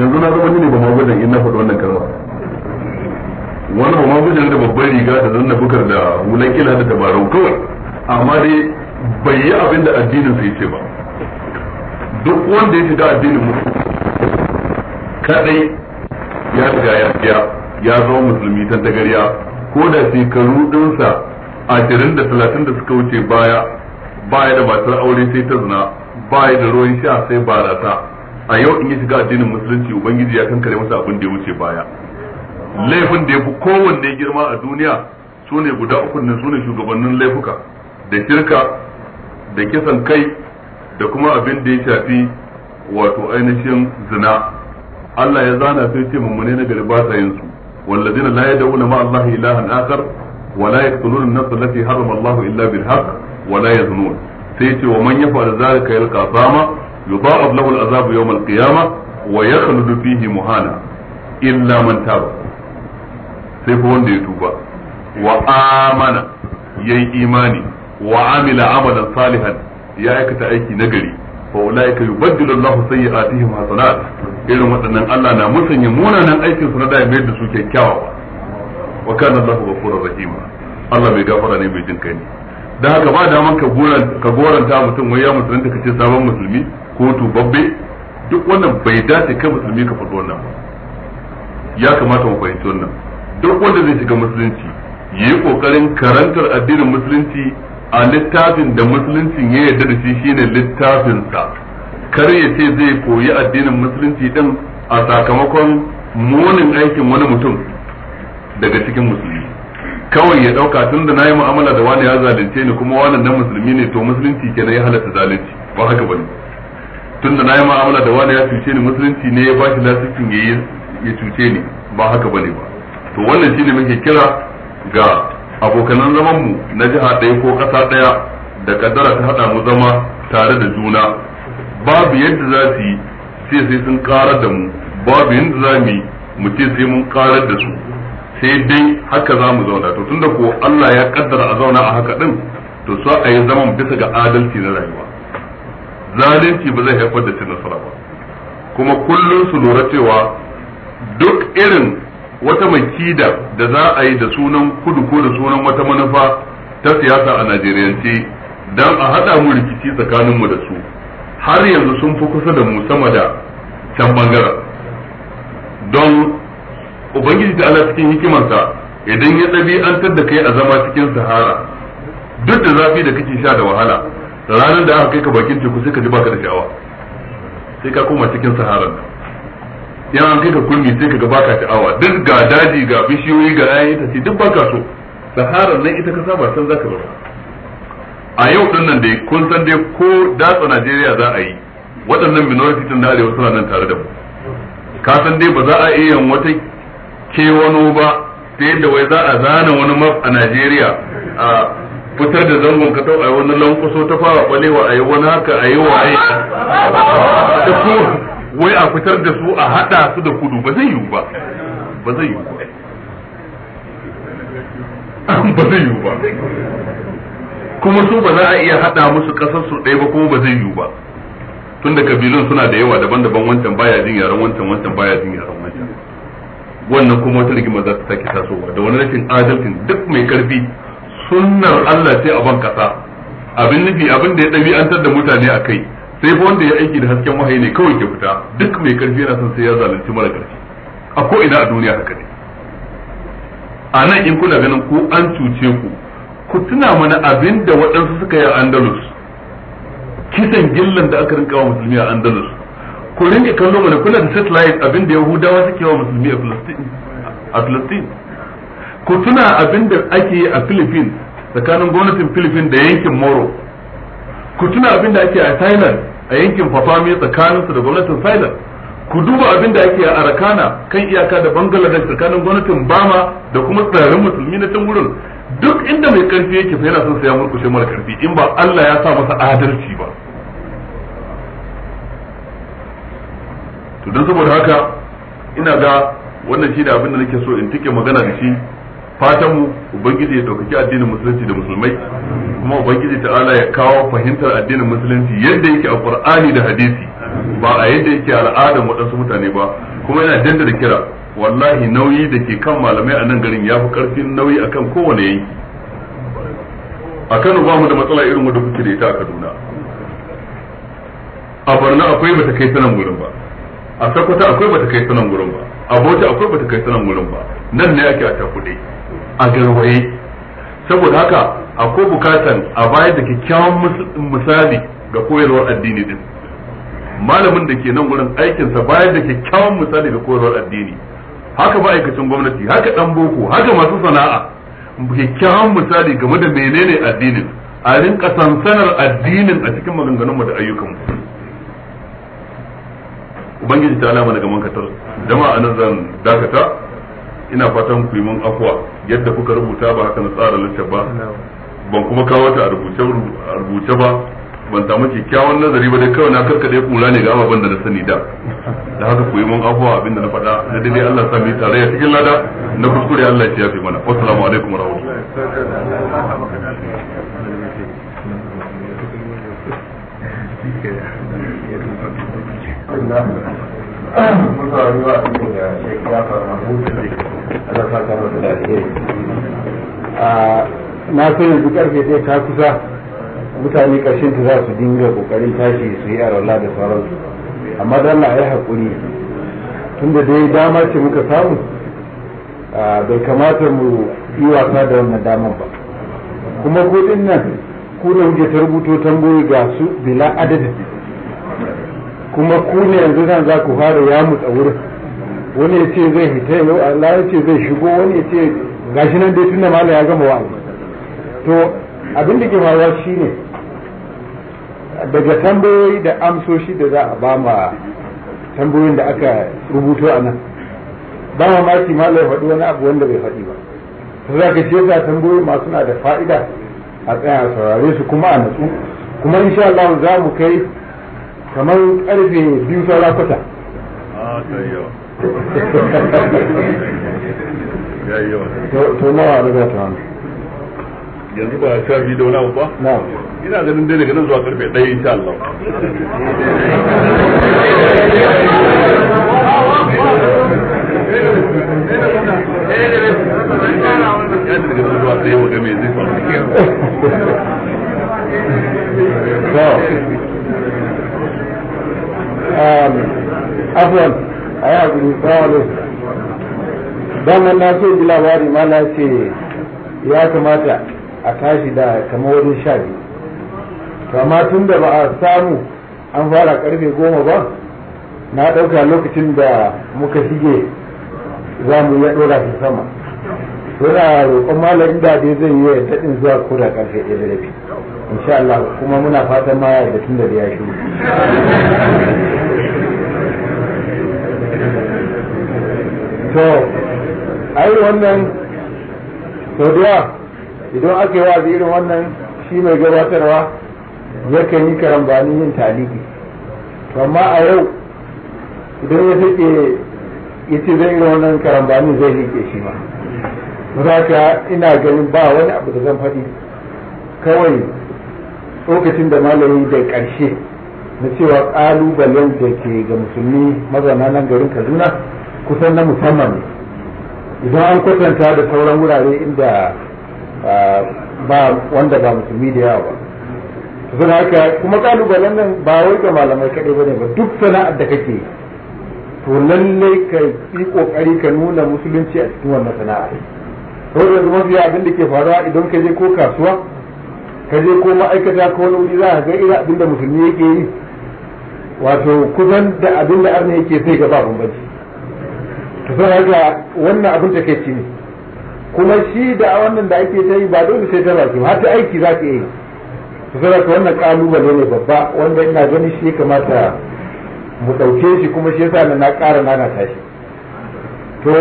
yanzu na zama ne ba ma gudan in na faɗi wannan kalma wani ba ma gudan da babbar riga da zanna bukar da wulan kila da tabarau kawai amma dai bai yi abin da addinin sai ce ba duk wanda ya shiga addinin mu. kadai ya riga ya fiya ya zama musulmi ta tagariya ko da shekaru dinsa ashirin da talatin da suka wuce baya baya da matar aure sai ta zina baya da ruwan sha sai barata a yau in yi shiga addinin musulunci ubangiji ya kankare masa abin da ya wuce baya laifin da ya fi kowanne girma a duniya su ne guda uku sune su ne shugabannin laifuka da shirka da kisan kai da kuma abin da ya shafi wato ainihin zina Allah ya zana sai ce mummune na gari ba sa yin su walladina la yad'una ma Allah ilahan akhar wa la yaqtuluna an nafsa allati harrama Allah illa bil haqq wa la yaznun sai ce wa man yaf'al zalika yalqa sama yudha'af lahu al'azabu yawm al-qiyamah wa yakhludu muhana illa man taba sai ko wanda ya tuba wa amana yayi imani wa amila amalan salihan ya aikata aiki nagari fa ulaika yubaddilu Allahu sayyi'atihim hasanat irin waɗannan Allah na musanya munanan aikin su na da mai da su kyakkyawa wa kana Allah jin ne da haka ba daman ka goranta mutum wai ya musulunta kace sabon musulmi kotu babbe duk wannan bai dace kai musulmi ka faɗi wannan ba ya kamata mu fahimci wannan duk wanda zai shiga musulunci ya yi ƙoƙarin karantar addinin musulunci a littafin da musuluncin ya yarda da shi shine littafinsa kar ya ce zai koyi addinin musulunci din a sakamakon munin aikin wani mutum daga cikin musulmi kawai ya ɗauka tun da na yi mu'amala da wani ya zalunce ni kuma wani nan musulmi ne to musulunci kenan ya halatta zalunci ba haka ba ne. tunda na yi ma'amala da wani ya cuce ni musulunci ne ya ba shi lasikin ya ya cuce ni ba haka bane ba to wannan shine muke kira ga abokanan zaman mu na jiha ɗaya ko ƙasa ɗaya da kaddara ta haɗa mu zama tare da juna babu yadda za su yi sai sai sun karar da mu babu yadda za mu yi mu ce sai mun karar da su sai dai haka za mu zauna to tunda ko Allah ya kaddara a zauna a haka din to sa a yi zaman bisa ga adalci na rayuwa zalunci ba zai haifar da cin nasara ba kuma kullum su lura cewa duk irin wata makida da za a yi da sunan kudu ko da sunan wata manufa ta siyasa a najeriyance don a haɗa mu rikici tsakaninmu da su har yanzu sun fi kusa da mu sama da can bangaren don ubangiji da ala cikin hikimarsa idan ya ɗabi'antar da kai a zama cikin sahara duk da zafi da kake sha da wahala ranar da aka kai ka bakin teku sai ka ji baka da sha'awa sai ka koma cikin saharar nan yan an kai ka kulmi sai ka ga baka sha'awa duk ga daji ga bishiyoyi ga ayan ce duk baka so saharar nan ita ka saba za zaka zauna a yau din nan dai kun san dai ko datsa Najeriya za a yi waɗannan minority din da arewa suna nan tare da mu ka san dai ba za a iya wata kewano ba sai da wai za a zana wani map a Najeriya a fitar da zangon ka a wani lankuso ta fara balewa a yi wani haka a yi waye da wai a fitar da su a hada su da kudu ba zai yiwu ba ba zai yiwu ba zai yiwu ba kuma su ba za a iya hada musu kasar su ɗaya ba kuma ba zai yiwu ba tunda kabilun suna da yawa daban-daban wancan baya jin yaran wancan wancan baya jin yaran wancan wannan kuma wata rigima za ta sake tasowa da wani rashin adalcin duk mai karfi sunnar Allah sai a ban kasa abin nufi abin da ya ɗabi'antar da mutane a kai sai fa wanda ya aiki da hasken wahayi ne kawai ke fita duk mai karfi yana son sai ya zalunci mara karfi a ko ina a duniya haka ne a nan in kuna ganin ko an cuce ku ku tuna mana abin da waɗansu suka yi a Andalus kisan gillan da aka rinka wa musulmi a Andalus ku rinka kallo mana kuna da satellite abin da Yahudawa suke wa musulmi a Palestine ku tuna abin da ake a Philippines tsakanin gwamnatin Philippines da yankin Moro ku tuna abin da ake a Thailand a yankin tsakanin tsakaninsu da gwamnatin Thailand ku duba abin da ake a Arakana kan iyaka da Bangladesh tsakanin gwamnatin Bama da kuma tsarin musulmi na can duk inda mai karfi yake fa yana son sai ya mara karfi in ba Allah ya sa masa adalci ba to don saboda haka ina ga wannan shi da abin da nake so in tike magana da shi fatan mu ubangiji ya dokaki addinin musulunci da musulmai kuma ubangiji ta'ala ya kawo fahimtar addinin musulunci yadda yake a qur'ani da hadisi ba a yadda yake al'adan waɗansu mutane ba kuma yana dandana kira wallahi nauyi da ke kan malamai a nan garin ya fi karfin nauyi akan kowane yanki a Kano ba mu da matsala irin wanda kuke da ita a Kaduna a Barna akwai bata kai sanan gurin ba a sakwata akwai bata kai sanan gurin ba a bauta akwai bata kai sanan gurin ba nan ne ake a takuɗe a garwaye saboda haka akwai bukatan a bayar da kyakkyawan misali ga koyarwar addini din malamin da ke nan wurin aikinsa bayar da kyakkyawan misali ga koyarwar addini haka ma'aikacin gwamnati haka dan boko haka masu sana'a kyakkyawan misali game da menene addinin a rinka sansanar addinin a cikin maganganunmu da ayyukanmu ubangiji ta alama daga mankatar jama'a nan zan dakata ina fatan ku yi mun afuwa yadda kuka rubuta ba haka na tsara lantar ba ban kuma kawo ta a rubuce ba ban samu kyakkyawan nazari ba dai kawai na karkade kula ne ga ababen da na sani da da haka ku yi mun afuwa abinda na faɗa na dai Allah sa mu yi tarayya cikin lada na kuskure Allah ya yafe mana wassalamu alaikum wa rahmatullahi na san yanzu karfe ɗaya ta kusa mutane ƙarshen ta za su dinga ƙoƙarin tashi su yi arola da sauransu amma don na yi haƙuri tun da dai dama ce muka samu bai kamata mu yi wasa da wannan dama ba kuma kudin nan ku ne kuke ta rubuto tambayoyi ga su bila adadin kuma ku ne yanzu zan za ku fara yamu wurin wani ya ce zai hita Allah ya ce zai shigo wani ya ce gashi nan dai tunda mala ya gama wa'azi to abin da ke faruwa shine daga tambayoyi da amsoshi da za a ba tambayoyin da aka rubuto a nan ba ma maki mala ya faɗi wani abu wanda bai faɗi ba ta za ka ce za tambayoyi masu na da fa'ida a tsaya a saurare su kuma a natsu kuma insha Allah za mu kai kamar karfe biyu saura kwata ah, yayi yawa to nawa da zai tawani yanzu ba sha biyu da wani abu ba na ina ganin dai daga zuwa karfe ɗaya insha Allah Afwan a yi haƙuri tsawon na so ji labari ma na ce ya kamata a tashi da kama wajen sha biyu amma tun da ba a samu an fara karfe goma ba na ɗauka lokacin da muka shige za mu iya ɗora su sama suna roƙon malamin da dai zai yi daɗin zuwa ko da ƙarfe ɗaya da insha Allah kuma muna fatan ma da tun da ya shi to ai wannan to da idan ake wazi irin wannan shi mai gabatarwa kan yi karambani yin taliki to amma a yau idan ya take ya ce zai irin wannan karambani zai rike shi ma za ina ganin ba wani abu da zan faɗi kawai lokacin da malami da ƙarshe na cewa ƙalubalen da ke ga musulmi mazana nan garin kaduna kusan na musamman idan an kwatanta da sauran wurare inda ah, ba wanda ba musulmi da yawa ba suna haka kuma kalubalen nan ba wai ga malamai kaɗai ba ne ba duk sana'ar da kake to lallai ka yi kokari ka nuna musulunci a cikin wannan sana'a to yanzu mafiya abin da ke faruwa idan ka je ko kasuwa ka je ko ma'aikata ko wani wuri za ka ga irin abin da musulmi yake yi wato kusan da abin da arna yake sai ga ba bambanci to sai haka wannan abin ta ke ne kuma shi da wannan da ake ta yi ba dole sai ta zaki ba har ta aiki za ka yi to sai haka wannan kalubale ne babba wanda ina ganin shi kamata mu ɗauke shi kuma shi yasa na ƙara nana tashi to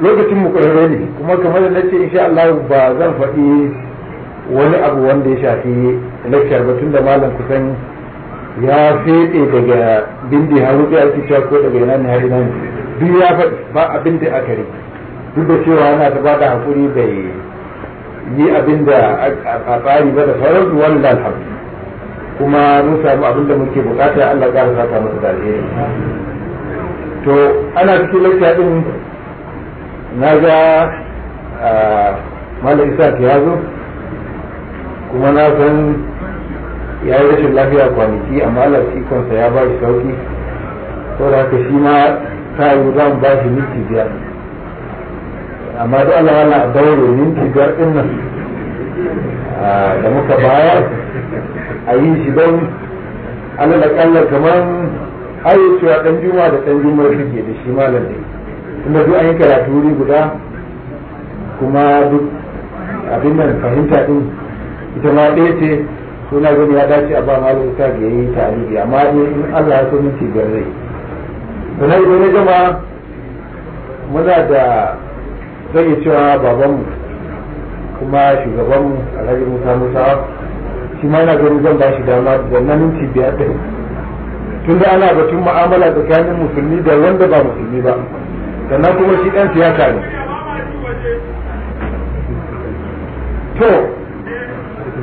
lokacin mu ƙwararre ne kuma kamar da nace insha Allah ba zan faɗi wani abu wanda ya shafi lecture ba tunda malam kusan ya fede daga bindi har rufe ake cewa ko daga yana ne har ina ne duk ya faɗi ba abin da aka yi duk da cewa yana ta bada hakuri bai yi abin da a tsari ba da wani da alhamdu kuma mun samu abin da muke bukata Allah ya ƙara ta masa da to ana cikin lafiya din na ga malam isa ya zo kuma na san ya yi rashin lafiya kwanaki amma Allah kansa ya ba shi sauki saboda haka shi ma ta yi za mu ba shi minti biyar amma da Allah yana daure minti biyar ɗin nan da muka bayar a yi shi don Allah da kalla kamar ayi cewa ɗan juma da ɗan juma suke da shi malam ne kuma duk an yi karatu wuri guda kuma duk abin nan fahimta din ita ma ɗaya ce suna gani ya dace a ba malam ta ga yi tarihi amma in Allah ya so minti biyar zai sannan idan na gama muna da zan yi cewa babanmu kuma shugabanmu alhaji musa musa shi ma yana ganin zan ba shi dama da nanin minti biyar ɗin tun da ana batun mu'amala tsakanin musulmi da wanda ba musulmi ba sannan kuma shi ɗan siyasa ne to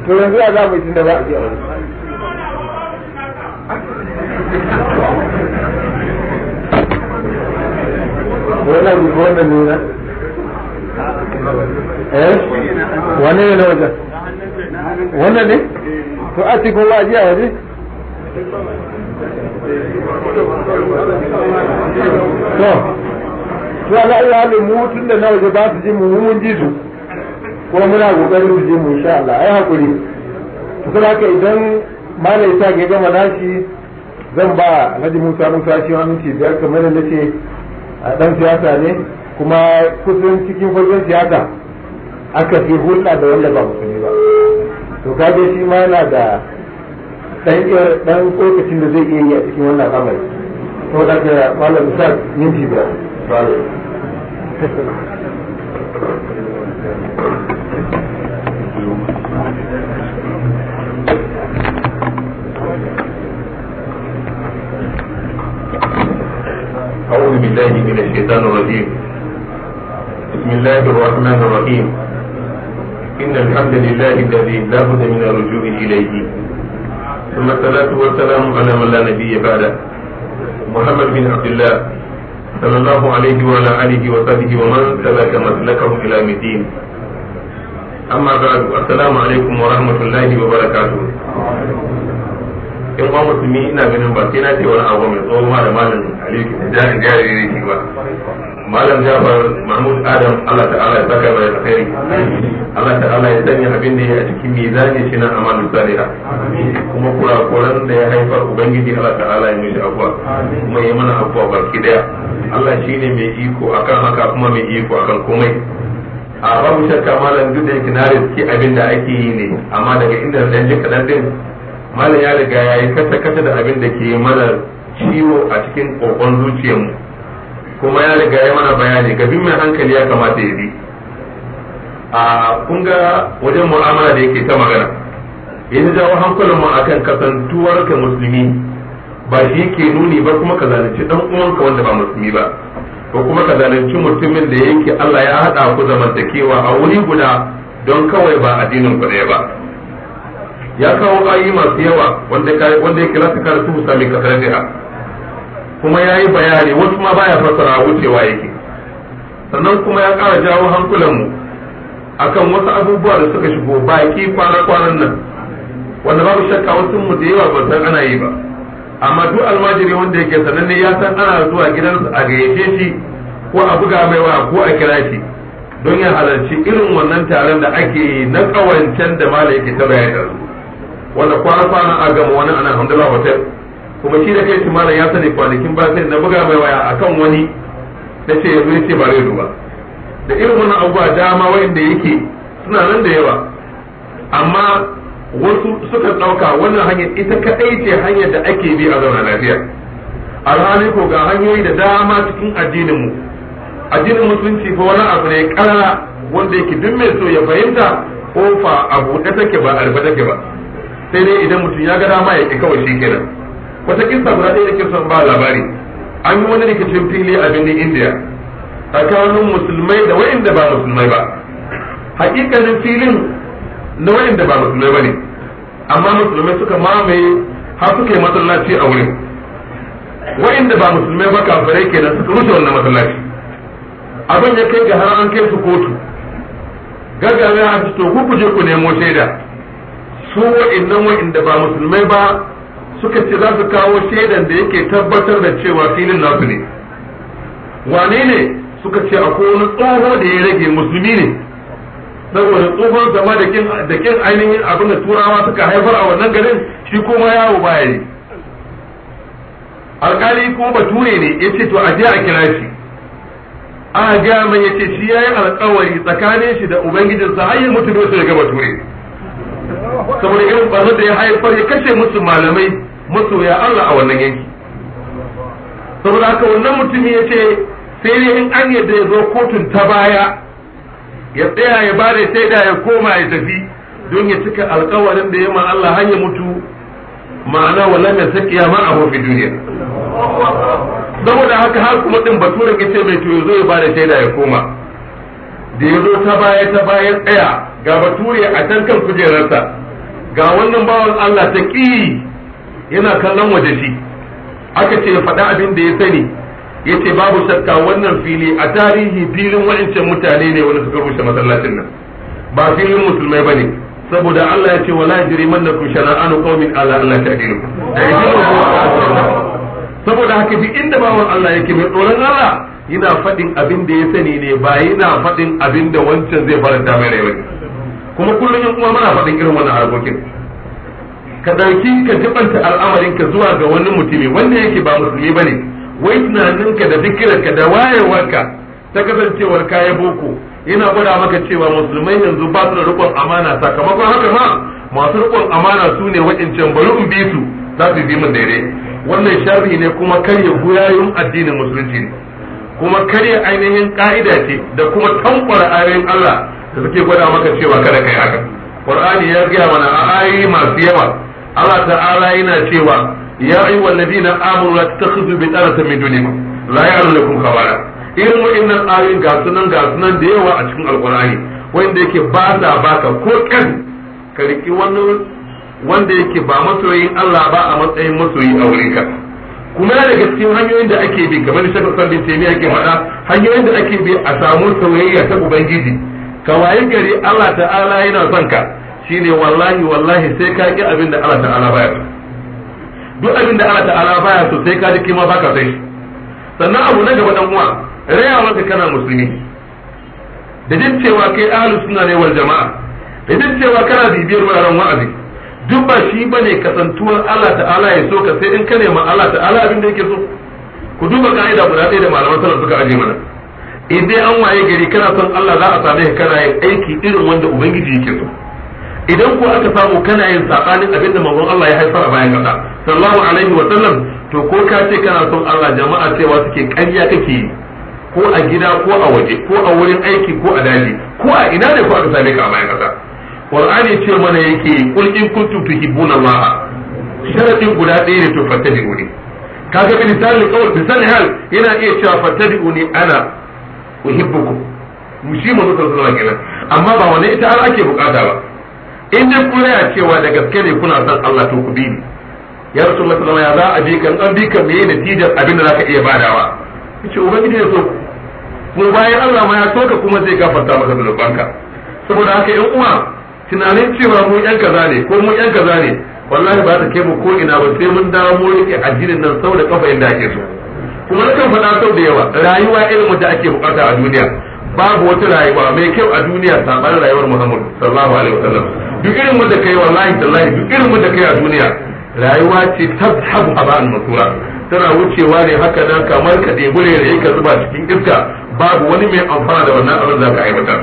to yanzu ya za mu yi tun da ba a ji a wani ولو بيقول لنا ايش وانا لو ده وانا ليه تؤتي كل اجيها دي to ya la iya halin mu tun da na waje ba su ji mu mun ji su ko muna kokarin su ji mu idan malai ta ga gama nashi zan ba Alhaji Musa Musa shi wani kamar a dan siyasa ne kuma kusan cikin fagen siyasa aka fi hulɗa da wanda ba musulmi ba to kaje shi ma yana da dan dan tsokacin da zai iya yi a cikin wannan al'amari to daga malam misal minti biyar بالله من الشيطان الرجيم بسم الله الرحمن الرحيم إن الحمد لله الذي لا بد من الرجوع إليه ثم الصلاة والسلام على من لا نبي بعده محمد بن عبد الله صلى الله عليه وعلى آله وصحبه ومن سلك مسلكه إلى الدين أما بعد السلام عليكم ورحمة الله وبركاته in ma musulmi ina ganin ba sai na ce wani abu mai tsohon da malam Ali ke da jari ne ki ba malam Jafar Mahmud Adam Allah ta'ala ya saka mai alkhairi Allah ta'ala ya sanya abin da ya a cikin mizani shi na amalu saliha kuma kurakuran da ya haifar ubangiji Allah ta'ala ya mishi afwa kuma ya mana afwa baki daya Allah shine mai iko akan haka kuma mai iko akan komai a babu shakka malam duk da yake na riski abin da ake yi ne amma daga inda dan ji kadan din malam ya riga ya yi kasa kasa da abin da ke mana ciwo a cikin kokon zuciyarmu kuma ya riga ya mana bayani gabin mai hankali ya kamata ya bi a kun ga wajen mu'amala da yake ta magana yanzu jawo mu akan kasantuwar ka musulmi ba shi ke nuni ba kuma ka zalunci dan uwanka wanda ba musulmi ba ko kuma ka zalunci mutumin da yake Allah ya hada ku zamantakewa a wuri guda don kawai ba addinin ku ɗaya ba ya kawo ayi masu yawa wanda ya yake lafi kare su musami kasar jiha kuma ya yi bayani wasu ma baya fasara wucewa yake sannan kuma ya kara jawo hankulanmu akan wasu abubuwa da suka shigo baki kwana-kwanan nan wanda babu shakka wasu mu da yawa ba san ana yi ba amma duk almajiri wanda yake sananne ya san ana zuwa gidansa a gayyace shi ko a buga mai wa ko a kira shi don ya halarci irin wannan taron da ake na kawancen da mala yake ta su wanda kwana kwana a gama wani anan hamdala hotel kuma shi da kai malam ya sani kwanakin ba sai na buga mai waya kan wani na ce ya zuci ba zai duba da irin wannan abubuwa dama wanda yake suna nan da yawa amma wasu suka ɗauka wannan hanyar ita kaɗai ce hanyar da ake bi a zauna lafiya alhali ko ga hanyoyi da dama cikin addininmu addinin musulunci fa wani abu ne kara wanda yake duk mai so ya fahimta ko fa abu da take ba alba take ba sai dai idan mutum ya ga dama ya ke kawai shi kenan wata kisa guda ɗaya da ke ba labari an yi wani rikicin fili a birnin indiya tsakanin musulmai da wa'inda ba musulmai ba hakikanin filin na wa'inda ba musulmai ba ne amma musulmai suka mamaye har suka yi masallaci a wurin wa'inda ba musulmai ba kafirai kenan suka rushe wannan masallaci abin ya kai ga har an kai su kotu gaggawa ya to ku kuje ku nemo shaida su wa'annan da ba musulmai ba suka ce za su kawo shaidan da yake tabbatar da cewa filin nasu ne wane ne suka ce akwai wani tsoho da ya rage musulmi ne saboda tsohon zama da kin ainihin abin da turawa suka haifar a wannan garin shi kuma yawo baya ne alkali kuma bature ne ya ce to a je a kira shi a gaya mai ce shi ya yi alkawari tsakanin shi da ubangijinsa har yi mutu dole daga bature saboda irin barna da ya haifar ya kashe musu malamai masoya Allah a wannan yanki saboda haka wannan mutumin ya ce sai dai in an yadda ya zo kotun ta baya ya tsaya ya ba da sai da ya koma ya tafi don ya cika alkawarin da ya ma Allah hanya mutu ma'ana wala mai sakiya ma a hofi duniya saboda haka har kuma din baturin ya ce mai to ya zo ya ba da sai da ya koma da ya zo ta baya ta bayan tsaya ga bature a can kan kujerarsa ga wannan bawan Allah ta ƙi yana kallon waje shi aka ce ya faɗa abin da ya sani ya ce babu shakka wannan fili a tarihi filin wa'ancan mutane ne wani suka rushe masallacin nan ba filin musulmai ba ne saboda Allah ya ce wala jiri manna ku shana'anu qaumin ala Allah ta'dilu saboda haka duk inda bawan Allah yake mai tsoron Allah yana faɗin abin da ya sani ne ba yana faɗin abin da wancan zai faranta mai rai bane kuma kullum yan uwa muna faɗin irin wannan harkokin ka ɗauki ka jibanta al'amarin ka zuwa ga wani mutumi wanda yake ba musulmi bane wai tunaninka da ka da wayewarka ta kasancewar kayan boko yana gwada maka cewa musulmai yanzu ba su da rikon amana sakamakon haka ma masu rikon amana su ne waɗancan bari in bi su za su bi min daidai wannan sharri ne kuma karya guyayun addinin musulunci ne kuma karya ainihin ka'ida ce da kuma tankwara ayoyin Allah da suke gwada maka cewa kada kai haka qur'ani ya gaya mana ayi masu yawa Allah ta'ala yana cewa ya ayyuhal ladina amanu la tattakhidhu bi tarati min dunikum la ya'lamukum khabara irin wa'annan ayoyin ga sunan ga sunan da yawa a cikin alqur'ani wanda yake ba da baka ko kan ka riki wani wanda yake ba masoyin Allah ba a matsayin masoyi a wurin ka kuma daga cikin hanyoyin da ake bi kamar shakar sabbin taimiyya ke faɗa hanyoyin da ake bi a samu soyayya ta ubangiji wayi gari Allah ta'ala yana son ka shine wallahi wallahi sai ka ki abin da Allah ta'ala baya duk abin da Allah ta'ala baya so sai ka ji kima baka sai sannan abu na gaba dan uwa raya maka kana musulmi da duk cewa kai ahlu sunna ne wal jama'a da duk cewa kana bibiyar wuraren wa'azi duk ba shi bane kasantuwar Allah ta'ala ya so ka sai in ka nema Allah ta'ala abin da yake so ku duba ka'ida guda ɗaya da malaman salaf suka aje mana idan an waye gari kana son Allah za a same ka kana yin aiki irin wanda ubangiji yake so idan ko aka samu kana yin sabanin abinda da manzon Allah ya haifar a bayan kasa sallallahu alaihi wa sallam to ko ka ce kana son Allah jama'a cewa suke ƙarya kake yi ko a gida ko a waje ko a wurin aiki ko a daji ko a ina ne ko aka same ka a bayan kasa qur'ani ce mana yake kul in kuntum tuhibbuna Allah sharadin guda ɗaya ne to fattabi'uni kaga bi lisanil qawl bi hal yana iya cewa fattabi'uni ana uhibbukum shi mu zuwa zuwa kenan amma ba wani ita har ake bukata ba in dai kun raya cewa da gaske ne kuna san Allah to ku bi ni ya rasulullah sallallahu alaihi wasallam ya za a bi kan an bi kan meye natijar abin da zaka iya badawa yace ubangiji ya so mu bayan Allah ma ya so ka kuma zai gafarta maka banka saboda haka yan uwa tunanin cewa mu yan kaza ne ko mu yan kaza ne wallahi ba ta kai mu ko ina ba sai mun dawo mu rike addinin nan sau da kafa inda ake so kuma na kan faɗa sau da yawa rayuwa irin da ake bukata a duniya babu wata rayuwa mai kyau a duniya saɓanin rayuwar muhammad sallallahu alaihi wasallam duk irin da kai wallahi tallahi duk irin da kai a duniya rayuwa ce a ba'an masura tana wucewa ne haka nan kamar ka ɗebi da yake zuba cikin iska babu wani mai amfana da wannan abin da ka aiwata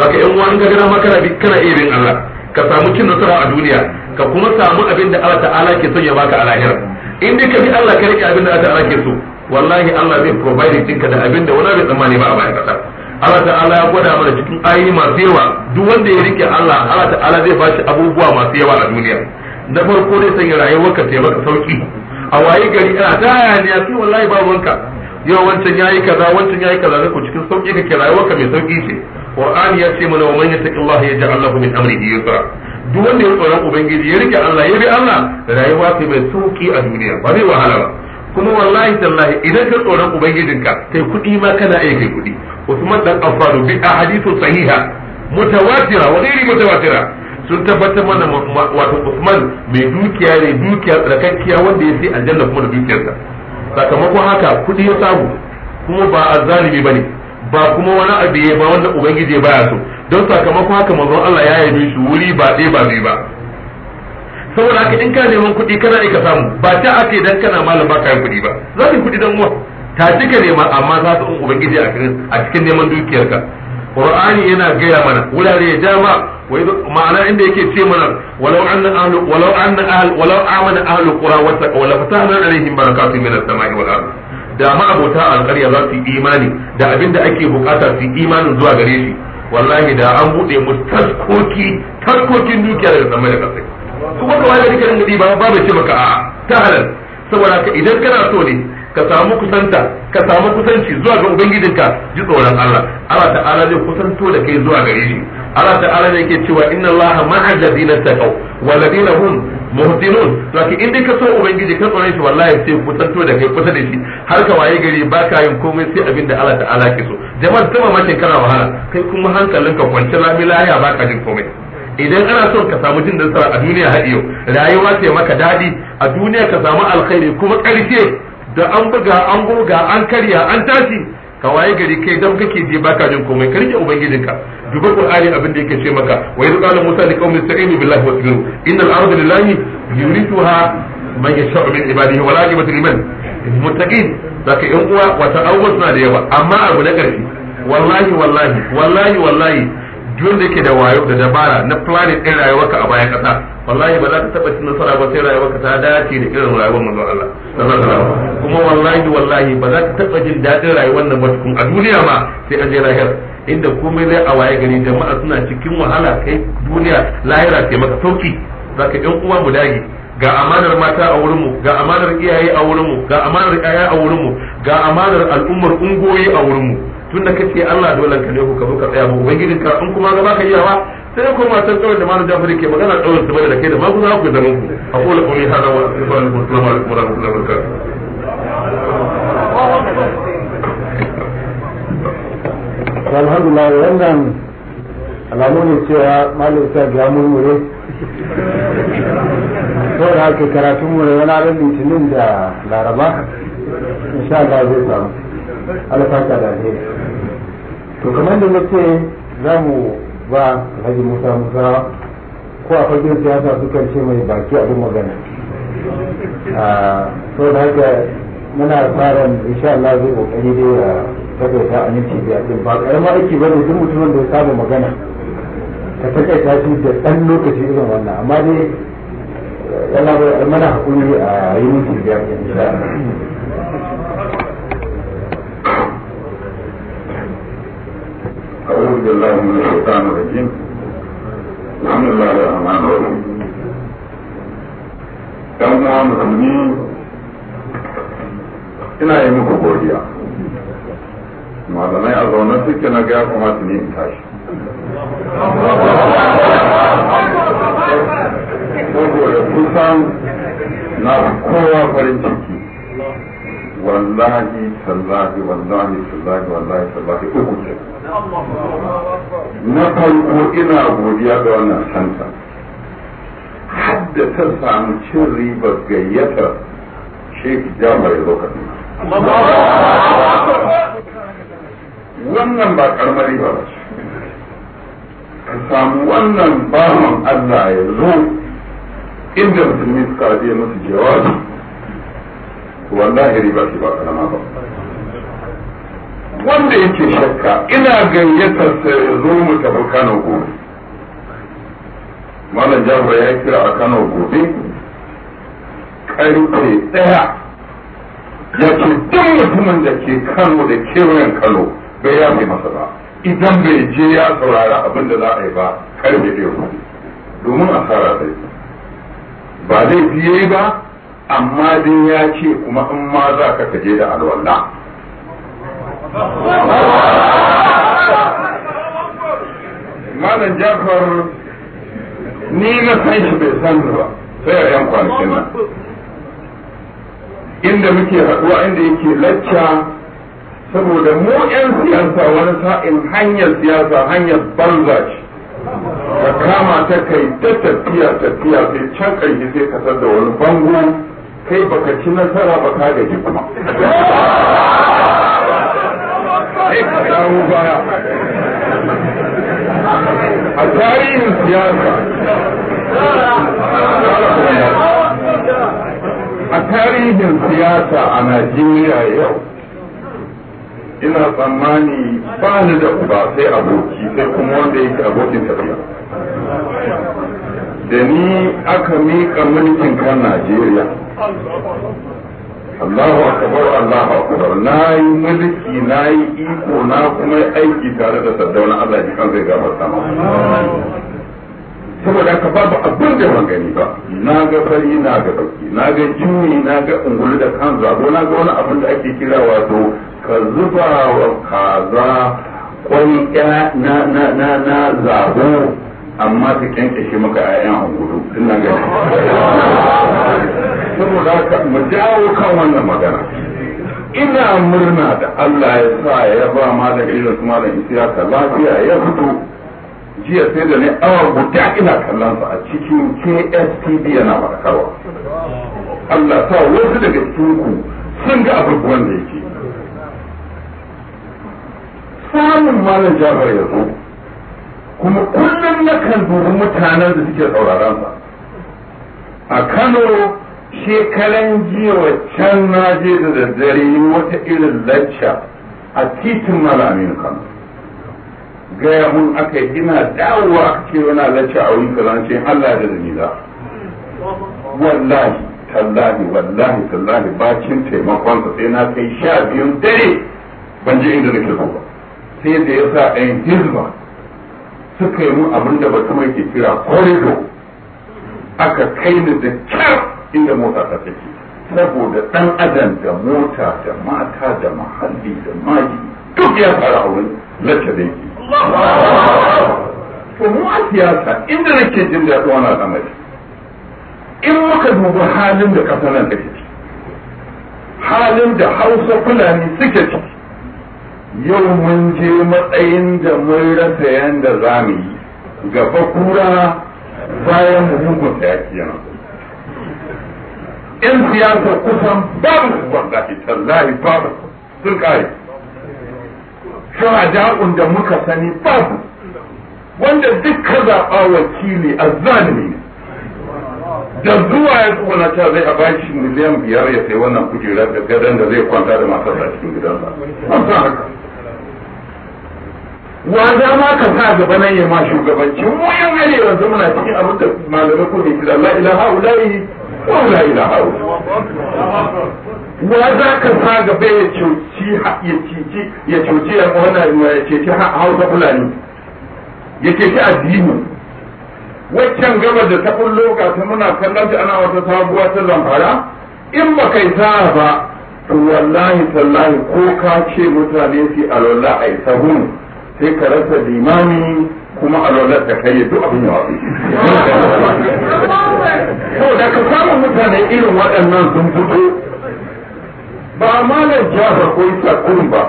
za ka in wani gagara ma kana kana iya Allah ka samu cin nasara a duniya ka kuma samu abin da Allah ta'ala ke son ya baka a lahira in dai ka bi Allah ka rike abin da aka ke so wallahi Allah zai provide dinka da abin da wani bai tsammani ba a bayan kasa Allah ta'ala ya gwada mana cikin ayoyi masu yawa duk wanda ya rike Allah Allah ta'ala zai ba shi abubuwa masu yawa a duniya da farko dai sanya rayuwar ka taimaka sauki a waye gari a ta hayaniya sai wallahi ba wanka yau wancan yayi kaza wancan yayi kaza ko cikin sauki kake rayuwar ka mai sauki ce qur'ani ya ce mana wa man yattaqillaha yaj'al lahu min amrihi yusra duk wanda ya tsoron ubangiji ya rike Allah ya bi Allah rayuwa ce mai sauki a duniya ba zai wahala ba kuma wallahi tallahi idan ka tsoron ka kai kuɗi ma kana iya kai kuɗi Usman dan Affan bi ahadithu sahiha mutawatira wa ghairi mutawatira sun tabbatar mana wato Usman mai dukiya ne dukiya tsarkakkiya wanda ya sai aljanna kuma da dukiyarsa sakamakon haka kuɗi ya samu kuma ba azzalimi bane ba kuma wani abu ba wanda ubangiji ya baya so don sakamakon haka manzon Allah ya yabe shi wuri ba dai ba biyu ba saboda haka in ka neman kuɗi kana ka samu ba ta ake dan kana malam ba kayan kuɗi ba za ka yi kuɗi dan uwa ta cika nema amma za ka ubangiji a cikin neman dukiyarka qur'ani yana gaya mana wurare dama ma'ana inda yake ce mana walau anna ahlu walau anna ahlu walau amana ahlu qura wa taqwa la fatahna alaihim min as samai wal ardh da ma abota alqarya za su imani da abinda ake bukata su imanin zuwa gare shi wallahi da an buɗe mu taskoki taskokin dukiya daga sama da kuma da wani rikin gudi ba ba bai ce maka a ta halal saboda ka idan kana so ne ka samu kusanta ka samu kusanci zuwa ga ubangijinka ji tsoron Allah Allah ta'ala zai kusanto da kai zuwa gare shi Allah ta'ala ne yake cewa inna Allah ma'a ladina taqaw wa ladina hum muhsinun to in dai ka so ubangiji ka tsoron shi wallahi sai kusanto da kai kusa da shi har ka waye gari ba ka yin komai sai abin da Allah ta'ala ke so jama'a tuma mace kana wahala kai kuma hankalin hankalinka kwance lami lahiya ba ka jin komai idan ana son ka samu jin nasara a duniya haɗiyo yau rayuwa sai maka daɗi a duniya ka samu alkhairi kuma ƙarfe da an buga an goga an karya an tashi ka waye gari kai dan kake ji baka jin komai ka rike ubangijinka duba qur'ani abin da yake ce maka wa idh qala musa li qaumi ista'inu billahi inna innal arda lillahi yurithuha man yasha'u min ibadihi wa la aqibatu liman muttaqin zaka yan uwa wa ta'awwaz na da yawa amma abu na karfi wallahi wallahi wallahi wallahi duk da yake da wayo da dabara na planet din rayuwarka a bayan kasa wallahi ba za ka taba cin nasara ba sai rayuwarka ta dace da irin rayuwar manzon Allah kuma wallahi wallahi ba za ka taɓa jin daɗin rayuwar nan ba tukun a duniya ma sai an je lahira inda komai zai a waye gari jama'a suna cikin wahala kai duniya lahira sai maka sauki za ka ɗan uwa mu dage ga amanar mata a wurinmu ga amanar iyaye a wurinmu ga amanar ƴaƴa a wurinmu ga amanar al'ummar ungoyi a wurinmu tun da kace Allah dole ka ne ku ka tsaya mu ubangijin ka in kuma ga baka iyawa sai ko matan kawai da malam Jafar ke magana kawai su bane da kai da ma ku za ku zaman ku a kola kuni hada wa sallallahu alaihi wa sallam alhamdulillah wannan alamu ne cewa malam sa ga murmure saboda haka karatun mu ne wani ran litinin da laraba insha Allah zai samu alfaka da ne to kamar da nake za mu ba alhaji musa musa ko a fagen siyasa sukan ce mai baki abin magana so ah, da haka muna fara insha Allah zai kokari dai ya takaita a nan cibiya din ba karamar aiki ba ne duk mutumin da ya saba magana ka ta shi da ɗan lokaci irin wannan amma dai eh, yana mana hakuri a yi mutu biyar insha Allah ina yi muku godiya malamai a zaune suke na ga ya kamata ne in tashi saboda kusan na kowa farin ciki wallahi sallahi wallahi sallahi wallahi sallahi uku ce na farko ina godiya ga wannan santa hadda ta samu cin ribar gayyatar shek jamar lokacin wannan ba karamar riba ba ka samu wannan bahon Allah ya zo inda musulmi suka je musu jawabi wallahi riba shi ba karama ba wanda yake shakka ina gayyatar sa ya zo mu tafi Kano gobe malam Jafar ya kira a Kano gobe karfe ɗaya ya ce duk mutumin da ke kano da kewayen kano bai ya mai masa ba idan bai je ya saurara abin da za a yi ba karfe ɗaya rufe domin asara zai ba zai biye ba amma dai ya ce kuma in ma za ka kaje da alwala malam jafar ni na san shi bai san ba sai a yan kwanakin nan inda muke haɗuwa inda yake lacca saboda mu 'yan siyasa wani sa'in hanyar siyasa hanyar banza ce ka kama ta kai ta tafiya tafiya sai can ƙarshe sai ka da wani bango kai baka ci nasara ba ka gaji kuma a tarihin siyasa a tarihin siyasa a najeriya yau ina tsammani ba ni da ba sai aboki sai kuma wanda yake abokin tafiya da ni aka miƙa mulkin kan najeriya Allahu akbar Allahu akbar na yi mulki na yi iko na kuma aiki tare da saddauna Allah ya kan zai gafarta saboda ka babu abin da ban gani ba na ga fari na ga baki na ga jini na ga ungulu da kan zago na ga wani abin da ake kira wato ka zuba wa kaza kwai na na na na zago amma ta kyankyashe maka ayyan ungulu na gani saboda ka mu dawo kan wannan magana ina murna da Allah ya sa ya ba malam irin da isiya isiyaka lafiya ya fito jiya sai da ne awa guda ina kallon su a cikin KSTB yana barkarwa Allah sa wasu daga cikin ku sun ga abubuwan da yake samun malam jabar ya zo kuma kullum na kan dubi mutanen da suke sauraron sa a Kano shekaran jiya waccan na je da daddare wata irin lacca a titin malamin Kano gaya mun aka yi ina dawowa aka ce yana a wurin kaza ce Allah da ni wallahi tallahi wallahi tallahi bakin taimakon sa sai na kai sha biyu dare ban je inda nake zuwa sai da yasa ɗayan hizba suka yi mun abin da bata mai ke kira korido aka kai ni da kyar inda mota ta take saboda ɗan adam da mota da mata da mahalli da maji duk ya fara a wurin da yake to mu a siyasa inda nake jin in muka dubi halin da ƙasa nan take ciki halin da hausa fulani suke ciki yau mun je matsayin da mun rasa yadda za mu yi gaba kura bayan mu da ya kiyana in siyasa kusan babu su ban gafi babu sun kare shuhada'un da muka sani babu wanda dukka zaɓa wakili a zalimi da zuwa ya tsona ta zai a bashi miliyan biyar ya sai wannan kujera da gadon da zai kwanta da masar da cikin gidansa an san haka wa za ma ka sa gaba nan ya ma shugabanci mu yan gare yanzu muna cikin abin da malamai ko ne kira la ilaha ulahi wa la ilaha ulahi wa za ka sa gaba ya cuci ya cuci ya cuci ya wannan ya cuci hausa fulani ya cuci addini waccan gabar da ta kullo ga ta muna kallon ta ana wata sabuwa ta zamfara in ba kai sa ba to wallahi tallahi ko ka ce mutane su alwala ai sahun sai ka rasa limami kuma alwalar da kai duk abin yawa to da ka samu mutane irin waɗannan sun fito ba malam jafa ko isa kuri ba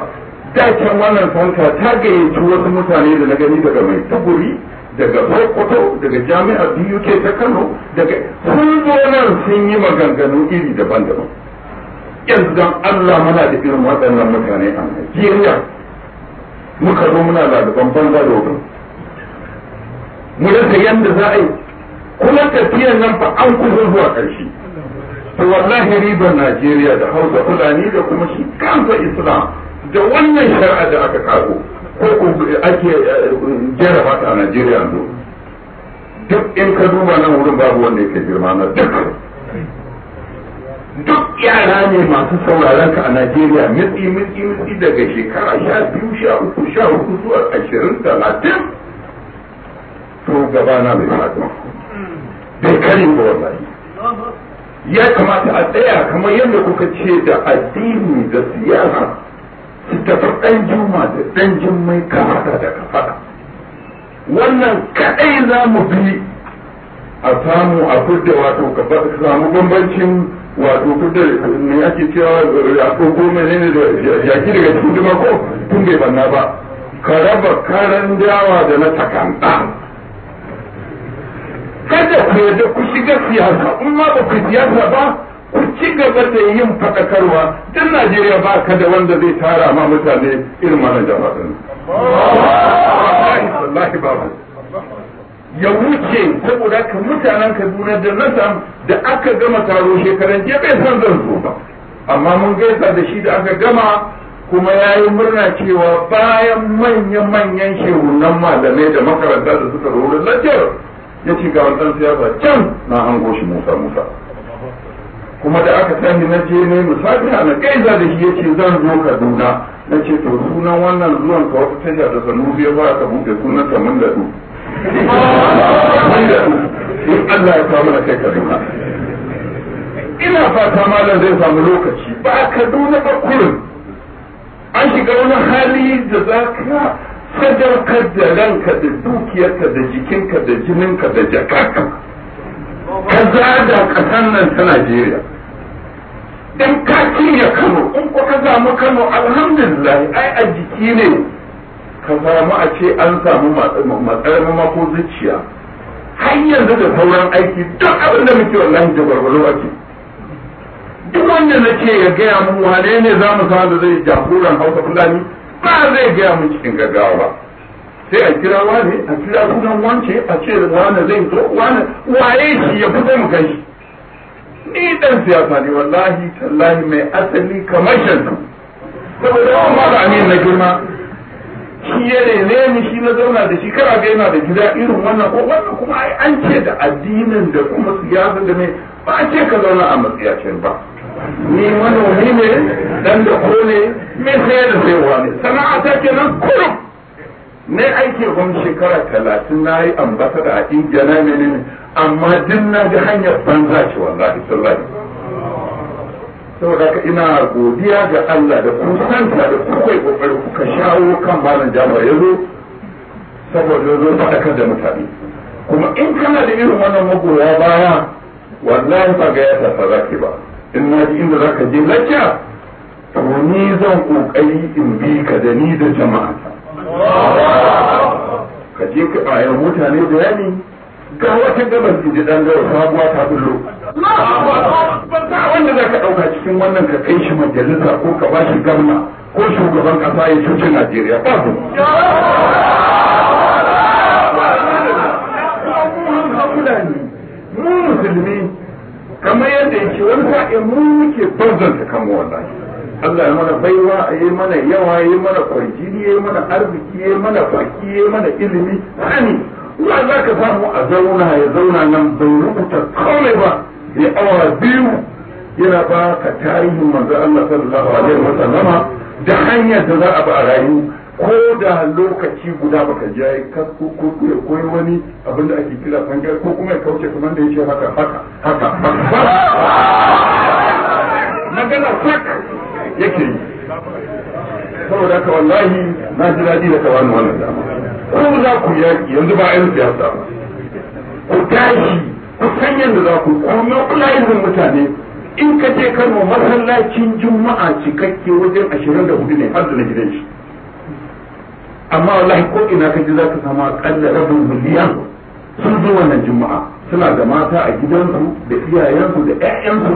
da can wannan fanka ta gayyaci wasu mutane da na gani daga mai tuguri daga sokoto daga jami'ar ke ta kano daga sun sun yi maganganu iri daban-daban yanzu don allah mana da irin waɗannan mutane a nigeria muka zo muna laliban banza da mu rasa yadda za a yi kuma tafiyar nan fa an kusa zuwa ƙarshe to wallahi ribar Najeriya da Hausa Fulani da kuma shi kansa Islam da wannan shari'a da aka kago ko ake eh, jera fata a Najeriya yanzu duk in ka duba nan wurin babu wanda yake girma na duk duk yara ne masu sauraron ka a Najeriya mitsi mitsi mitsi daga shekara sha biyu sha uku sha uku zuwa ashirin talatin to gabana mai bai bai kare ba wallahi ya kamata a tsaya kamar yadda kuka ce da addini da siyasa su tafi ɗan juma da ɗan jimmai kamata da kafa wannan kaɗai za mu bi a samu a fudda wato samu bambancin wato fudda ne ake cewa yato goma ne da yaki daga cikin ko tun bai banna ba ka raba karan dawa da na takanta kada ku yarda ku shiga siyasa in ma ba ku siyasa ba ku ci gaba da yin faɗakarwa duk Najeriya ba ka da wanda zai tara ma mutane irin mana jama'a ya wuce saboda ka mutanen Kaduna da sam da aka gama taro shekaran jiya bai san zan zo ba amma mun gaisa da shi da aka gama kuma ya yi murna cewa bayan manya-manyan shehunan malamai da makaranta da suka rori lajiyar ya ce ga wannan siyasa can na hango shi musa musa kuma da aka sami na je ne misali na kaiza da shi ya ce zan zo kaduna na ce to sunan wannan zuwan ka wata tasha da sanubi ya ba ka buɗe sunan ka mun daɗu in Allah ya samu na kai kaduna ina fata malam zai samu lokaci ba kaduna ba kullum an shiga wani hali da za ka sadaukar da ranka da dukiyarka da jikinka da jininka da jakarka ka da kasan nan ta Najeriya dan ka ya Kano in ko ka zamu Kano alhamdulillah ai a jiki ne ka zamu a ce an samu matsalar mako zuciya har yanzu da sauran aiki duk abin da muke wannan da gwargwaro ake duk wanda na ce ya gaya mu wane ne za mu da zai jagoran hausa fulani ba zai gaya mun cikin gaggawa ba sai a kira wane a kira kuma wance a ce wane zai zo wane waye shi ya fito mu kai ni dan siyasa ne wallahi tallahi mai asali kamar shan saboda yawan ma amin na girma shi ya ne ni shi na zauna da shi kara ga yana da gida irin wannan ko wannan kuma ai an ce da addinin da kuma siyasa da mai ba ce ka zauna a matsiyacin ba ni manomi ne dan da kone ne sai da sana'a ta kenan kuma ne aiki kun shekara talatin na yi a indiya na ne. amma din na ga hanyar banza ce wallahi sallahi saboda ka ina godiya ga Allah da ku santa da ku kai kokari ka shawo kan malam jama'a yazo saboda yazo faɗakar da mutane kuma in kana da irin wannan magoya baya wallahi ba ga ya tafa ki ba in na ji inda za ka je lacca to ni zan kokari in bi ka da ni da jama'a ka je ka ayar mutane da yani, ga wata gaban ji dan gawa sabuwa ta bullo ba wanda za ka ɗauka cikin wannan ka kai shi majalisa ko ka ba shi ko shugaban ƙasa ya cuci Najeriya ba kamar yadda yake wani sa'in mu muke bazanta kan wallahi Allah ya mana baiwa a yi mana yawa yi mana kwarjini yi mana arziki yi mana baki yi mana ilimi hani wa za ka samu a zauna ya zauna nan bai rubuta kawai ba ya awa biyu yana ba ka tarihin manzo Allah sallallahu alaihi wa sallama da hanyar da za a ba a rayu ko da lokaci guda baka je yayi kakku ko ya koyi wani abin da ake kira fangar ko kuma ya kauce kamar da yake haka haka haka magana sak yake yi saboda ka wallahi na ji daɗi da kawani wannan dama ko za ku yaƙi yanzu ba ayyuka siyasa ku tashi ku san yadda za ku kuma kula irin mutane in ka je kano masallacin juma'a cikakke wajen ashirin da hudu ne har da na gidan shi amma wallahi ko ina ka ji zaka samu akalla rabin miliyan sun zo wannan juma'a suna da mata a gidansu da iyayensu da 'ya'yansu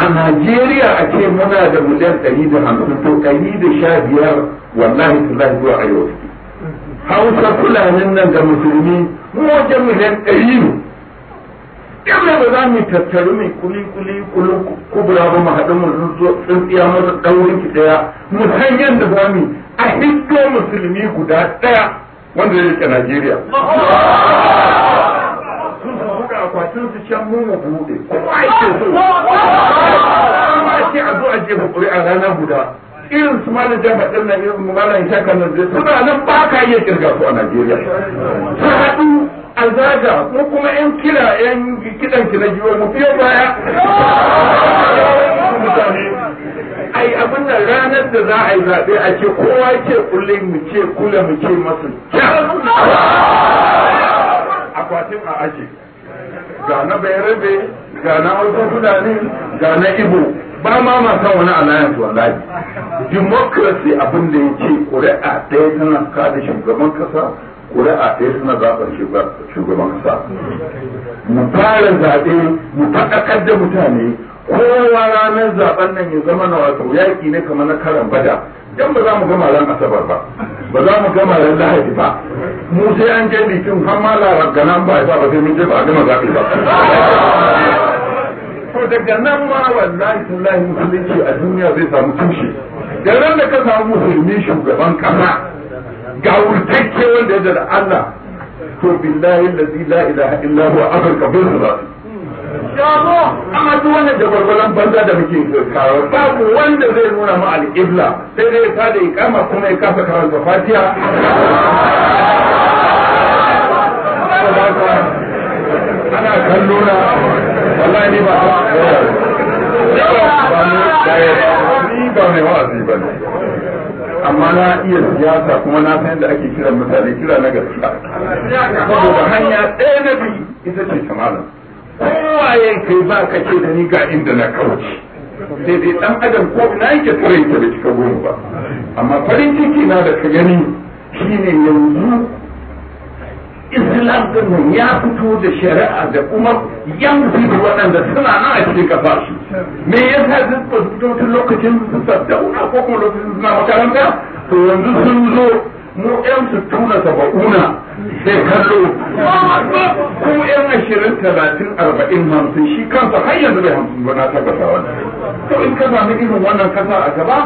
a najeriya a ce muna da miliyan ɗari da hamsin to ɗari da sha biyar wallahi su za zuwa a yau hausa fulanin nan da musulmi mu wajen miliyan ɗari ne yadda ba za mu tattaru mai kuli kuli kulun kubura ba mu haɗu mu tsintsiya masa ɗaurin ki ɗaya mu san yadda za mu a hiddo musulmi guda ɗaya wanda ya rike Najeriya. Sun akwatin su can mu mu buɗe. Kuma ake so. Kuma ake a zo a jefa ƙuri'a rana guda. Irin su malam jama ɗin nan irin malam shaka nan zai suna nan ba ka iya kirga su a Najeriya. Su haɗu a zaga ko kuma 'yan kira 'yan kiɗan kina jiwo mu fiye baya. Mutane ai yi abin nan ranar da za a yi zaɓe a ce kowa ce kulle mu ce kula mu ce masu akwatin a aje ga na bayarabe ga na auto fulani ga na ibo ba ma masu wani alliance wallahi democracy abin da ya ce ƙuri'a ɗaya tana kada shugaban kasa ƙuri'a ɗaya suna zaɓar shugaban kasa mu fara zaɓe mu faɗakar da mutane kowa ranar zaben nan ya zama na wato yaƙi ne kamar na karan bada dan ba za mu gama ran asabar ba ba za mu gama ran lahadi ba mu sai an je bikin har ma larar gana ba ba sai mun je ba a gama zaɓe ba to daga nan ma wallahi tallahi musulunci a duniya zai samu tushe da ran da ka samu musulmi shugaban kama ga wurtakke wanda ya da Allah to billahi allazi la ilaha illa huwa afirka bin amma duk wannan da banza da muke kawo babu wanda zai nuna mu al'ibla sai dai ta da ikama kuma ya kasa karanta fatiha ana kallo na wallahi ni ba ni ba ne wa'azi ba amma na iya siyasa kuma na san da ake kiran mutane kira na gaskiya saboda hanya ɗaya na biyu ita ce ta kowaye kai ba ka ce da ni ga inda na kauce sai dai dan adam ko na yake tsirai ta bai cika goma ba amma farin ciki na da ka gani shine yanzu islam din ya fito da shari'a da kuma yan da waɗanda suna nan a cikin kafa su me yasa duk ba su fito lokacin su sadda ko kuma lokacin suna makaranta to yanzu sun zo mu yan sittuna saba'una sai kallo ko yan ashirin talatin arba'in hamsin shi kansa har yanzu bai hamsin ba na tabbata wannan to in ka sami irin wannan kasa a gaba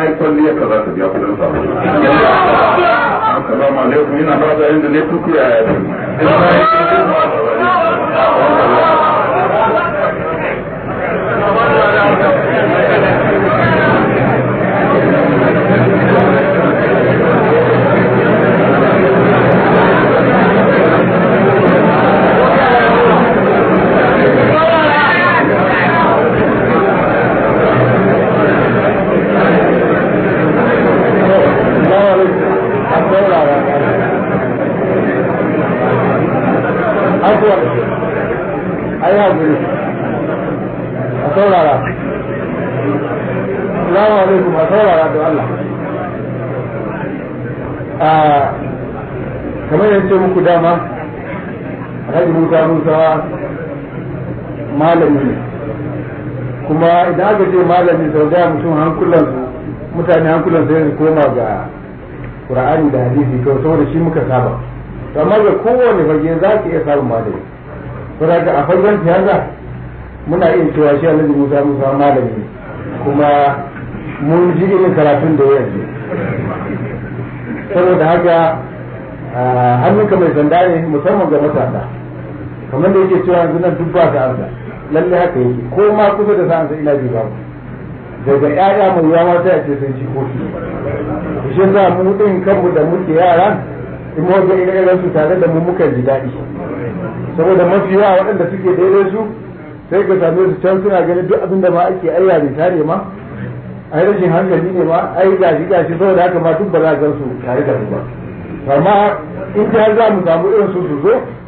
ai kwalliya ka za ta biya kudin sa assalamu alaikum ina ba da yanda ne kuku ya yi aka ce malami sau da mutum hankulan su mutane hankulan sai koma ga qur'ani da hadisi to saboda shi muka saba to amma ga kowane fage za ka iya samun malami saboda a fagen siyasa muna iya cewa shi Alhaji Musa Musa malami kuma mun ji irin karatun da yanzu saboda haka hannunka mai sanda ne musamman ga matasa kamar da yake cewa yanzu nan duk ba ta arza lalle haka yake ko ma kusa da sa'an sai ina bi babu daga ƴaƴa mai yawa sai a ce sun ci kofi shi za mu din kanmu da muke yara in mu ga ire su tare da mu muka ji daɗi saboda mafi yawa waɗanda suke daidai su sai ka same su can suna ganin duk abin da ma ake ayya ne tare ma ai rashin hankali ne ma ai gashi gashi saboda haka ma duk ba za a gan su tare da mu ba amma in ta za mu samu irin su su zo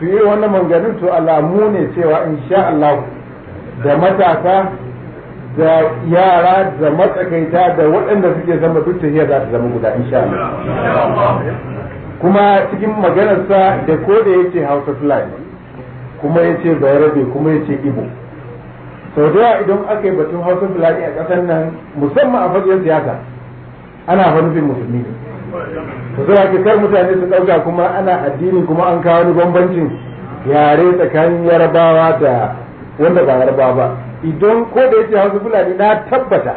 su yi wani manganin su alamu ne cewa insha Allah da matasa da yara da matsakaita da waɗanda suke zama duk tafiya za su zama guda insha Allah kuma cikin maganarsa da ko da ya ce Hausa Fulani kuma ya yace Bayarabe kuma ya ce Igbo sau da yawa idan aka yi batun Hausa Fulani a ƙasar nan musamman a fagen siyasa ana farfin musulmi ne ku sai haka kar mutane su ɗauka kuma ana addini kuma an kawo ni bambancin yare tsakanin yarabawa da wanda ba yarba ba idan ko da yake hausa fulani na tabbata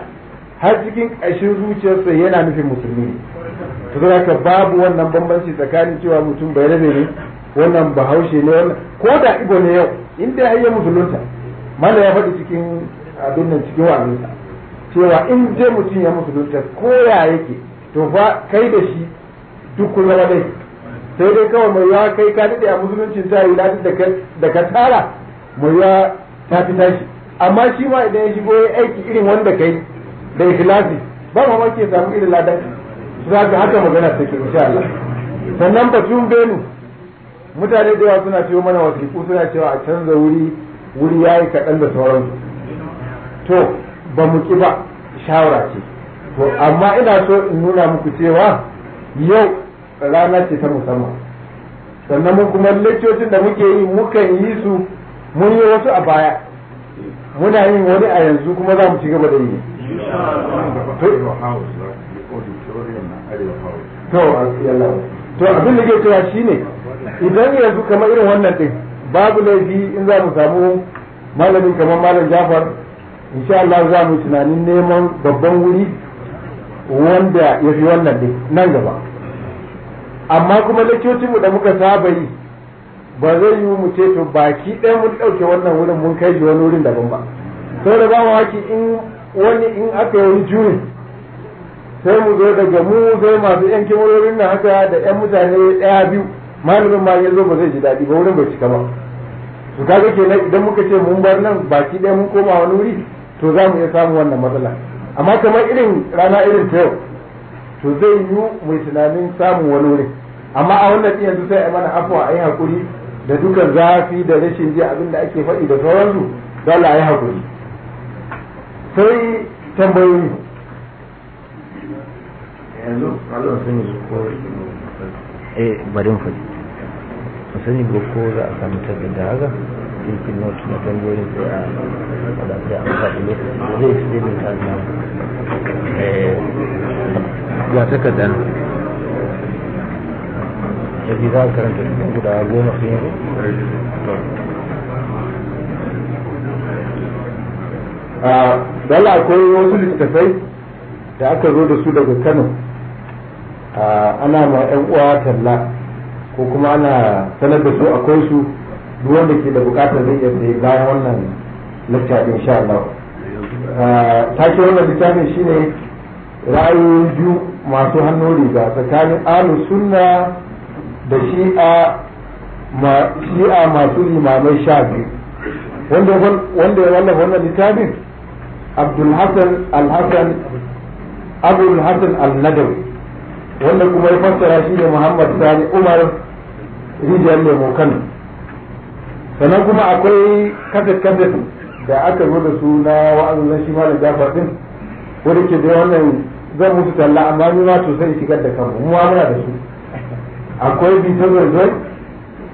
har cikin ƙashin zuciyarsa yana nufin musulmi ku sai haka babu wannan bambanci tsakanin cewa mutum bai rabe ne wannan bahaushe ne wannan ko da ibo ne yau in dai har musulunta mala ya faɗi cikin abin nan cikin wa'azinsa cewa in je mutum ya musulunta ko ya yake to fa kai da shi duk kun zama dai sai dai kawai mai yawa kai ka daɗe a musuluncin ta yi lafi da ka tsara mai yawa ta fi tashi amma shi ma idan ya shigo ya aiki irin wanda kai da ikhlasi ba ma ke samu irin ladan za ka haka magana ke insha Allah sannan batun benu mutane da yawa suna cewa mana wasiƙu suna cewa a canza wuri wuri ya yi kaɗan da sauran. to ba mu ƙi ba shawara ce to amma ina so in nuna muku cewa yau rana ce ta musamman sannan mun kuma lekcocin da muke yi mukan yi su mun yi wasu a baya muna yin wani a yanzu kuma za mu ci gaba da yi to abin da ke cewa ne idan yanzu kama irin wannan ɗin babu laifi in za mu samu malami kamar malam jafar insha Allah za mu tunanin neman babban wuri wanda ya fi wannan ɗin nan gaba amma kuma mu da muka saba yi ba zai yi mu ce to baki ɗaya mun ɗauke wannan wurin mun kai shi wani wurin daban ba sai da ba mu haƙi in wani in aka yi juyin sai mu zo daga mu sai masu yan wurin na haka da yan mutane ɗaya biyu malamin ma ya zo ba zai ji daɗi ba wurin bai cika ba su kaga kenan idan muka ce mun bar nan baki ɗaya mun koma wani wuri to za mu iya samun wannan matsala amma kamar irin rana irin ta yau to zai yi mu tunanin samun wani wurin. amma a wannan ɗin yanzu sai a mana afuwa a yi hakuri da dukan zafi da rashin ji abin da ake faɗi da sauransu dole a yi hakuri sai tambayoyi yanzu Allah sun yi ko eh bari mu faɗi mu sani ba ko za a samu tabbin da haka notu na tambayoyin sai a wadda sai a faɗi ne zai fi ne ta zama ya takarda eh, da za a karanta cikin guda goma sun yi a dala akwai wasu littattafai da aka zo da su daga kano ah, ana ma yan uwa talla ko kuma ana sanar da su akwai su duk wanda ke da bukatar zai iya sayi bayan wannan lakta din sha Allah ah, take wannan littafin shine ra'ayoyi biyu masu hannu riga tsakanin alu sunna da shi'a masu limamai sha biyu wanda ya wallafa wannan littafin abdulhassan alhassan abdulhassan al wanda kuma ya fassara shi ne muhammad sani umar rijiyar lemo kano sannan kuma akwai kaset-kaset da aka zo da su na wa'azin shi malam jafar din wanda ke da wannan zan musu talla amma ni ma sosai shigar da kanmu mu muna da su akwai bitar zanzan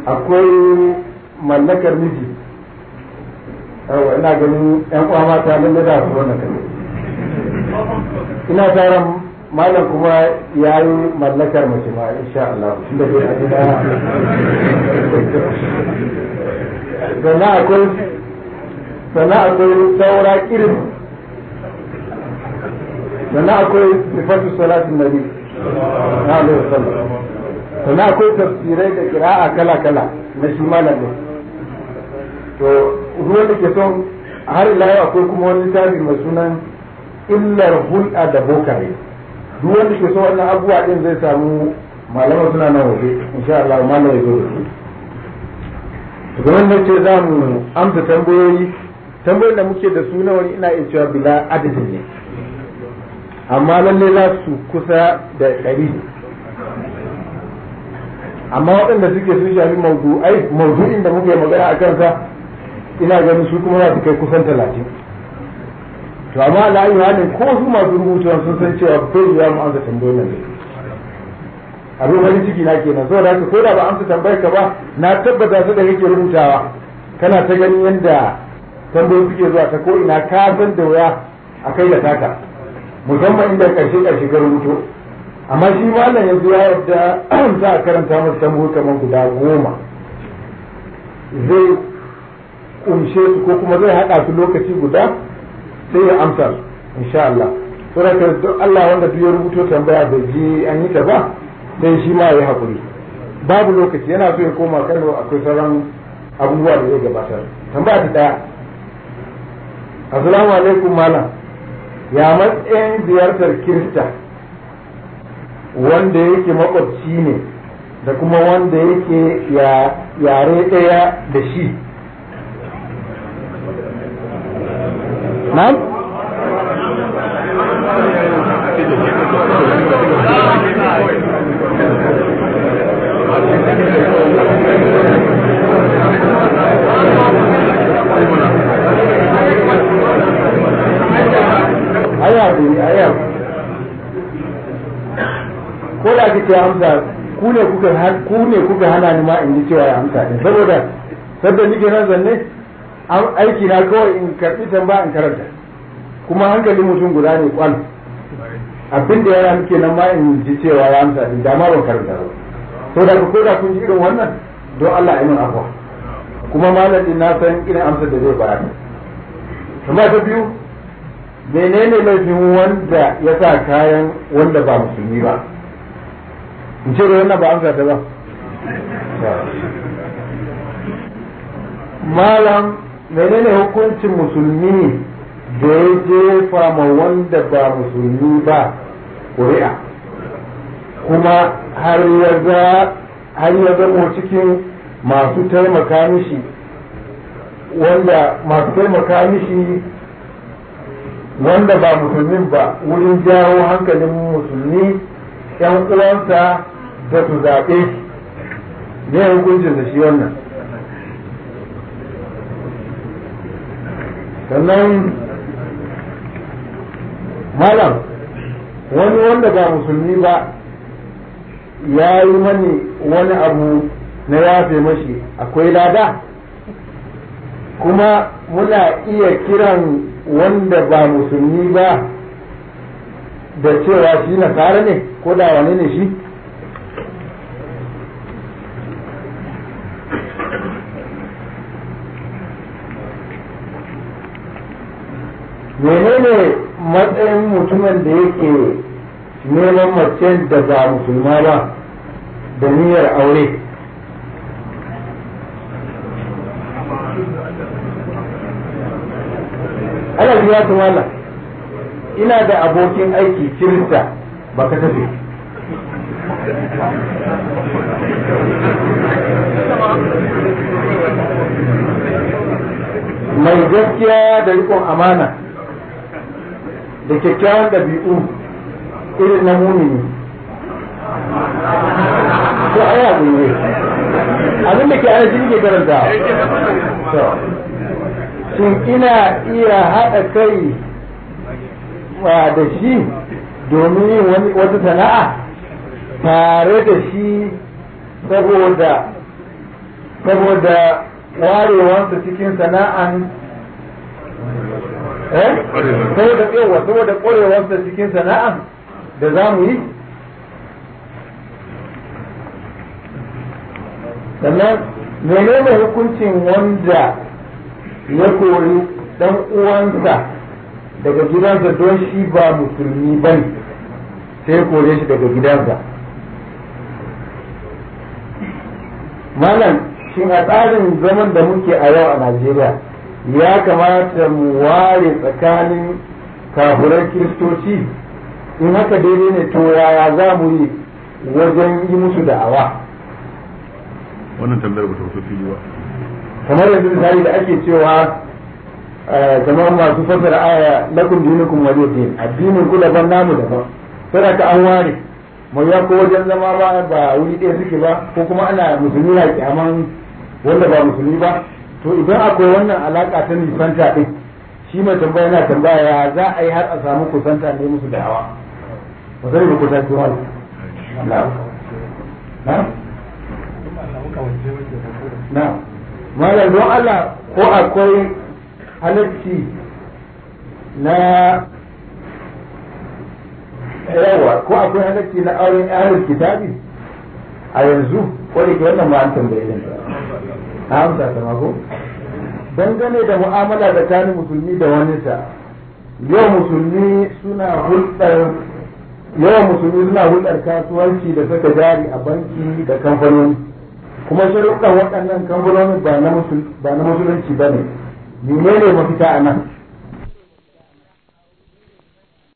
akwai mallakar miji yawa ina ganin yan uwa mata nan da su wannan kan ina taron malam kuma ya yi mallakar mace ma insha Allah shi da a sannan akwai sannan akwai saura irin sannan akwai sifatu salatin nabi na alaihi wasallam kuma akwai tafsirai da kira'a kala-kala na shi malamin to ruwan da ke son har ila yau akwai kuma wani littafi mai sunan illar hulɗa da bokare duk wanda ke so wannan abubuwa din zai samu malaman suna na waje insha Allah malam ya zo da su kuma ne ce za mu amsa tambayoyi tambayoyin da muke da suna wani ina iya cewa bila adadin ne amma lalle za su kusa da ɗari amma waɗanda suke sun shafi mawdu'ai mawdu'in da muke magana a kansa ina ganin su kuma za su kai kusan talatin to amma ala ayi halin ko su masu rubutuwa sun san cewa bai ya mu amsa tambayoyin nan abin wani ciki na kenan saboda haka ko da ba amsa tambayar ka ba na tabbata su da kake rubutawa kana ta ganin yadda tambayoyi suke zuwa ta ko ina ka san da wuya a kai da taka musamman inda karshe karshe ka rubuto amma shi malam yanzu ya yadda za a karanta masa tambayoyi kamar guda goma zai kunshe su ko kuma zai haɗa su lokaci guda sai ya amsa insha Allah saboda duk Allah wanda duk ya rubuto tambaya bai ji an yi ta ba sai shi ma ya haƙuri babu lokaci yana so ya koma Kano akwai sauran abubuwa da zai gabatar tambaya ta daya assalamu alaikum malam ya matsayin ziyartar kirista wanda yake makwabci ne da kuma wanda yake yare ɗaya da shi na'am ce amsa ku ne kuka ku ne kuka hana ni ma in ji cewa ya amsa din saboda saboda nike nan zanne aiki na kawai in karbi tamba in karanta kuma hankali mutum guda ne kwal abin da yana muke nan ma in ji cewa ya amsa din dama ban karanta ba to da ko da kun ji irin wannan don Allah ya min afwa kuma malamin na san irin amsa da zai bayar kuma ta biyu menene laifin wanda ya sa kayan wanda ba musulmi ba in ce da wannan ba amsa ta ba malam menene hukuncin musulmi da ya jefa ma wanda ba musulmi ba ƙuri'a kuma har ya zama cikin masu taimaka mishi wanda masu taimaka mishi wanda ba musulmin ba wurin jawo hankalin musulmi yan uwansa da su zaɓe ne hukuncin da shi wannan sannan malam wani wanda ba musulmi ba ya yi mani wani abu na yafe mashi akwai lada kuma muna iya kiran wanda ba musulmi ba da cewa shi nasara ne ko da wani ne shi ne matsayin mutumin da yake neman mace da ba musulma ba da niyyar aure ana biya ta wala ina da abokin aiki kirista ba ka tafi mai gaskiya da rikon amana da kyakkyawan ɗabi'u irin na mumini ko aya ne abin da ke ana ke karanta shin ina iya haɗa kai da shi domin yin wata sana'a tare da shi saboda saboda warewansa cikin sana'an Eh? saboda yawa saboda ƙwarewar da cikin sana'a da za mu yi sannan menene hukuncin wanda ya kori dan uwansa daga gidansa don shi ba musulmi ba ne sai kore shi daga gidansa malam shin a tsarin zaman da muke a yau a najeriya ya kamata mu ware tsakanin kafurar kiristoci in haka daidai ne to yaya za mu yi wajen yi musu da'awa wannan tambayar ba ta wasu fili ba kamar yanzu misali da ake cewa eh, kamar masu fasara aya lakum dinukum wa din addinin ku daban namu daban ka an ware mai ya ko wajen zama ba ba wuri ɗaya suke ba ko kuma ana musulmi na kyaman wanda ba musulmi ba to idan akwai wannan alaka ta nisanta din shi mai tambaya yana tambaya ya za a yi har a samu kusanta ne musu da hawa ba zai ba kusa ki wani na malam don Allah ko akwai halitti na yawa ko akwai halarci na auren ahlul kitabi a yanzu ko da ke wannan ma an tambaye ne a amsa ta mako dangane da mu'amala da tsakanin musulmi da waninsa yau musulmi suna hulɗar yawan musulmi suna hulɗar kasuwanci da saka jari a banki da kamfanoni kuma sharuɗan waɗannan kamfanoni ba na musulunci ba ne menene mafita a nan